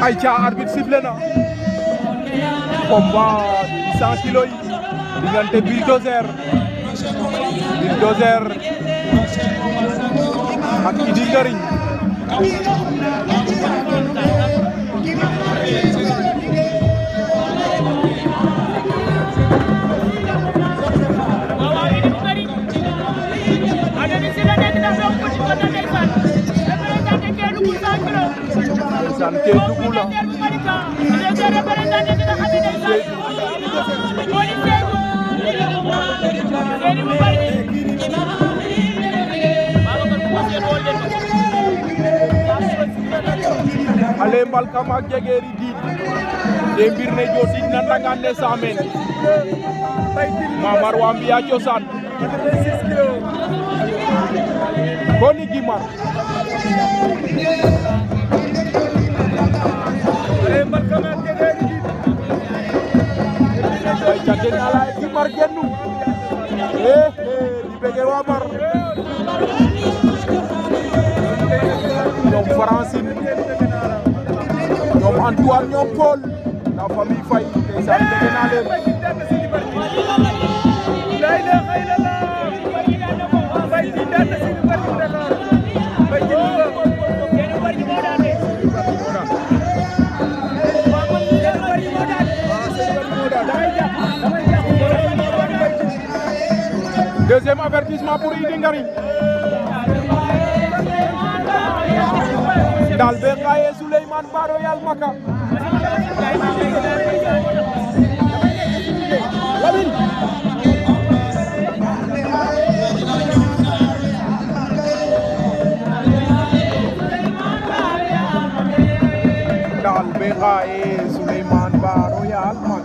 ay ca arbitre sifflé na combat cent kilos yi diggante Bulldozer Bulldozer ak Idy Ngarigne waaw waaw Idy Ngarigne ada di sini ada kita belum pun di kota Daipan ndeysaan tey dugg la ale mbalkam ak jegeeri diit te mbir ne jootin na ndangaan ne saamen mamar waa mbiya cosaan koni gimar Coy Cakin ala ci Mar gennu eh di bëgg waa Mar ñoom Francine ñoom Antoine ñoom Paul la famille Faye ndeysaan bëgg naa leen Deuxième avertissement pour Idi Ngari. Dalbe Kaye Baro Yal Maka. Dalbe Kaye Baro Yal Maka.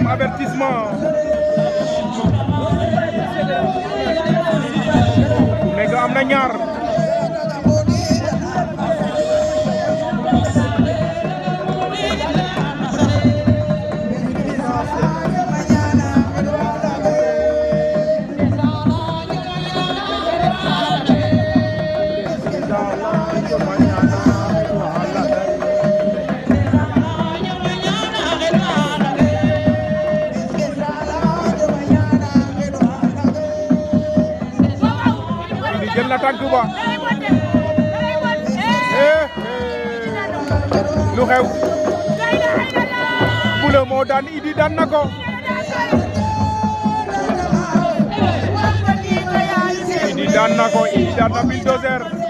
avertissement. Les on jël na tànk ba eh, eh. lu xew Boulo moo daan Idy daan ko Idy daan ko Idy daan na Bulldozer